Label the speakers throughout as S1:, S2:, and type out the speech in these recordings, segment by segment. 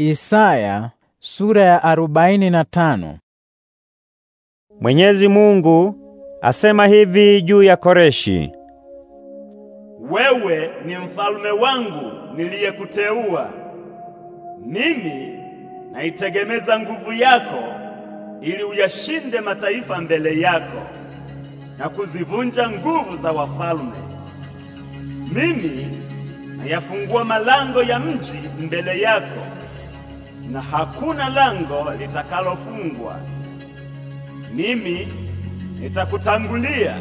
S1: Isaya sura ya 45. Mwenyezi Mungu asema hivi juu ya Koreshi:
S2: wewe ni mfalme wangu niliyekuteua. Mimi naitegemeza nguvu yako ili uyashinde mataifa mbele yako na kuzivunja nguvu za wafalme. Mimi nayafungua malango ya mji mbele yako na hakuna lango litakalofungwa. Mimi nitakutangulia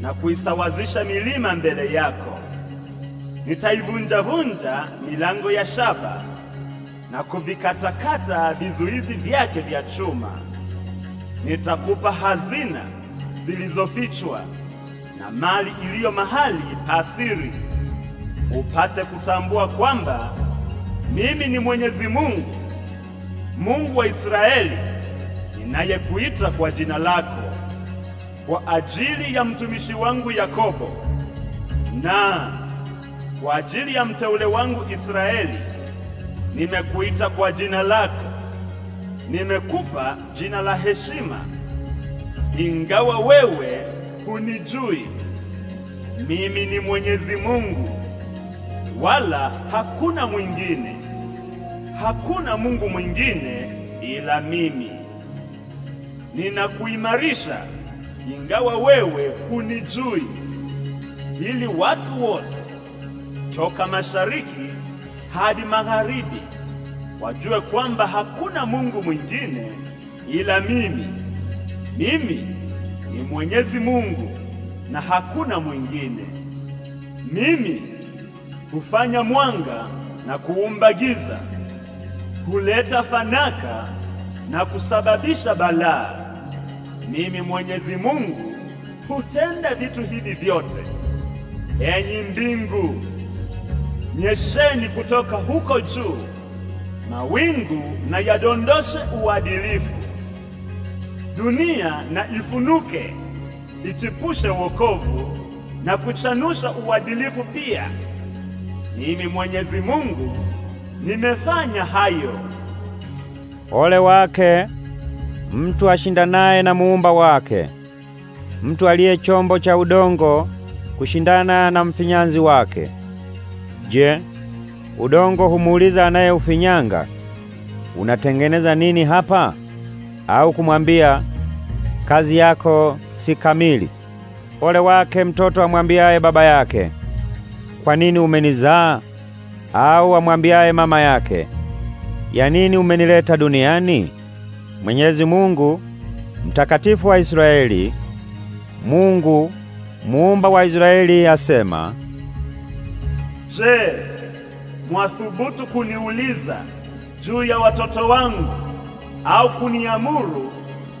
S2: na kuisawazisha milima mbele yako. Nitaivunja-vunja milango ya shaba na kuvikatakata vizuizi vyake vya chuma. Nitakupa hazina zilizofichwa na mali iliyo mahali pasiri, upate kutambua kwamba mimi ni Mwenyezi Mungu, Mungu wa Israeli, ninayekuita kwa jina lako kwa ajili ya mtumishi wangu Yakobo na kwa ajili ya mteule wangu Israeli. Nimekuita kwa jina lako, nimekupa jina la heshima, ingawa wewe hunijui. Mimi ni Mwenyezi Mungu, wala hakuna mwingine hakuna Mungu mwingine ila mimi. Ninakuimarisha ingawa wewe hunijui, ili watu wote toka mashariki hadi magharibi wajue kwamba hakuna Mungu mwingine ila mimi. Mimi ni Mwenyezi Mungu na hakuna mwingine. Mimi hufanya mwanga na kuumba giza huleta fanaka na kusababisha balaa. Mimi Mwenyezi Mungu hutenda vitu hivi vyote. Enyi mbingu, nyesheni kutoka huko juu, mawingu na yadondoshe uadilifu. Dunia na ifunuke, ichipushe wokovu na kuchanusha uadilifu pia. Mimi Mwenyezi Mungu nimefanya hayo.
S1: Ole wake mtu naye na muumba wake, mtu aliye chombo cha udongo kushindana na mfinyanzi wake. Je, udongo humuuliza anayeufinyanga, unatengeneza nini hapa? Au kumwambia kazi yako si kamili? Ole wake mtoto amwambiaye baba yake, kwa nini umenizaa? au amwambiaye mama yake, ya nini umenileta duniani? Mwenyezi Mungu mtakatifu wa Israeli, Mungu muumba wa Israeli asema,
S2: Je, mwathubutu kuniuliza juu ya watoto wangu au kuniamuru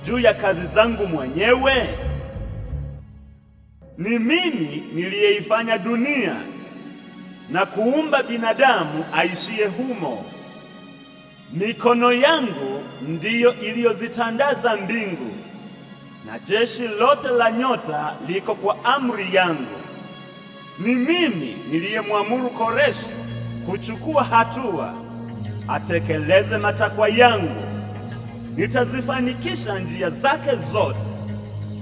S2: juu ya kazi zangu mwenyewe? Ni mimi niliyeifanya dunia na kuumba binadamu aishiye humo. Mikono yangu ndiyo iliyozitandaza mbingu, na jeshi lote la nyota liko kwa amri yangu. Ni mimi niliyemwamuru Koreshi kuchukua hatua, atekeleze matakwa yangu. Nitazifanikisha njia zake zote.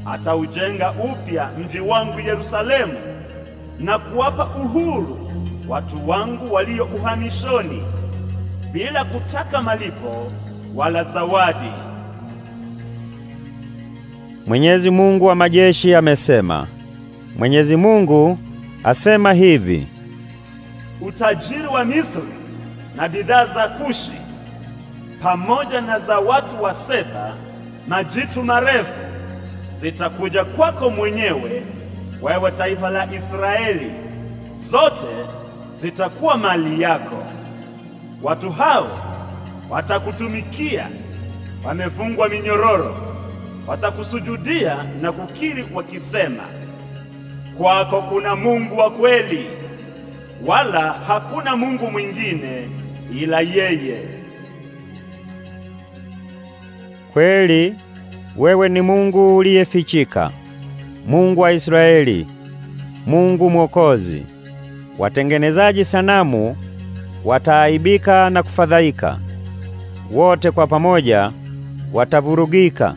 S2: Ataujenga upya mji wangu Yerusalemu na kuwapa uhuru watu wangu walio uhamishoni bila kutaka malipo wala zawadi.
S1: Mwenyezi Mungu wa majeshi amesema. Mwenyezi Mungu asema hivi:
S2: utajiri wa Misri na bidhaa za Kushi pamoja na za watu wa Seba na jitu marefu zitakuja kwako mwenyewe, wewe taifa la Israeli, zote zitakuwa mali yako. Watu hao watakutumikia wamefungwa minyororo, watakusujudia na kukiri wakisema, kwako kuna Mungu wa kweli, wala hakuna Mungu mwingine ila yeye.
S1: Kweli wewe ni Mungu uliyefichika, Mungu wa Israeli, Mungu Mwokozi. Watengenezaji sanamu wataaibika na kufadhaika, wote kwa pamoja watavurugika,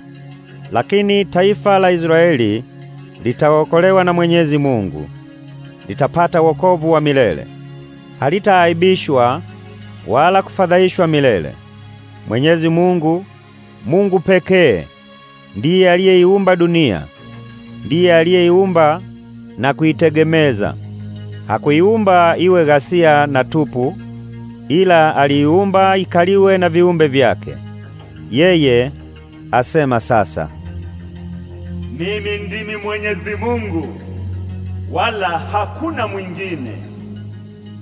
S1: lakini taifa la Israeli litaokolewa na Mwenyezi Mungu, litapata wokovu wa milele. Halitaaibishwa wala kufadhaishwa milele. Mwenyezi Mungu, Mungu pekee ndiye aliyeiumba dunia, ndiye aliyeiumba na kuitegemeza. Hakuiumba iwe ghasia na tupu, ila aliiumba ikaliwe na viumbe vyake. Yeye asema sasa,
S2: mimi ndimi Mwenyezi Mungu, wala hakuna mwingine.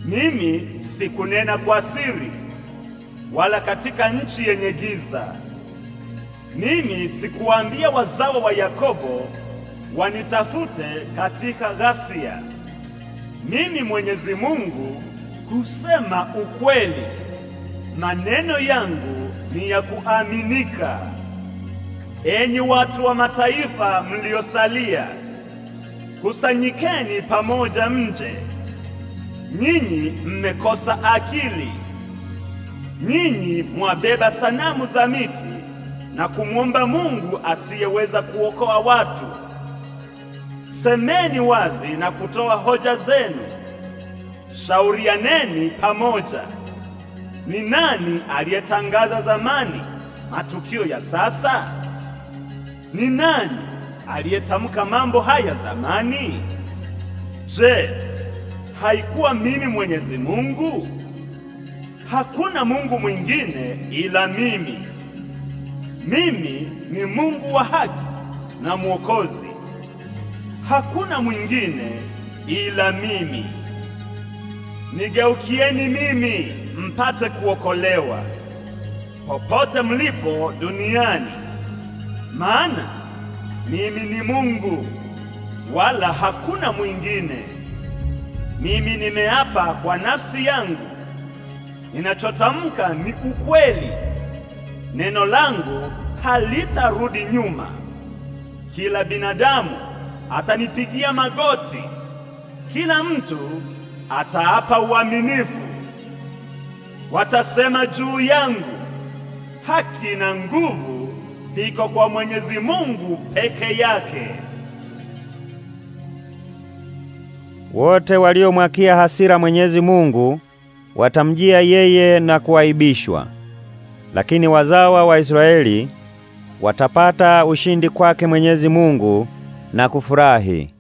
S2: Mimi sikunena kwa siri, wala katika nchi yenye giza. Mimi sikuambia wazao wa Yakobo wanitafute katika ghasia mimi Mwenyezi Mungu kusema ukweli, maneno yangu ni ya kuaminika. Enyi watu wa mataifa mliosalia, kusanyikeni pamoja mje. Nyinyi mmekosa akili, nyinyi mwabeba sanamu za miti na kumwomba Mungu asiyeweza kuokoa watu semeni wazi na kutoa hoja zenu, shaurianeni pamoja. Ni nani aliyetangaza zamani matukio ya sasa? Ni nani aliyetamka mambo haya zamani? Je, haikuwa mimi Mwenyezi Mungu? Hakuna Mungu mwingine ila mimi. Mimi ni Mungu wa haki na Mwokozi hakuna mwingine ila mimi. Nigeukieni mimi mpate kuokolewa popote mlipo duniani, maana mimi ni Mungu wala hakuna mwingine. Mimi nimeapa kwa nafsi yangu, ninachotamka ni ukweli, neno langu halitarudi nyuma. Kila binadamu atanipigia magoti, kila mtu ataapa uaminifu. Watasema juu yangu, haki na nguvu viko kwa Mwenyezi Mungu peke yake.
S1: Wote waliomwakia hasira Mwenyezi Mungu watamjia yeye na kuaibishwa, lakini wazawa wa Israeli watapata ushindi kwake Mwenyezi Mungu na kufurahi.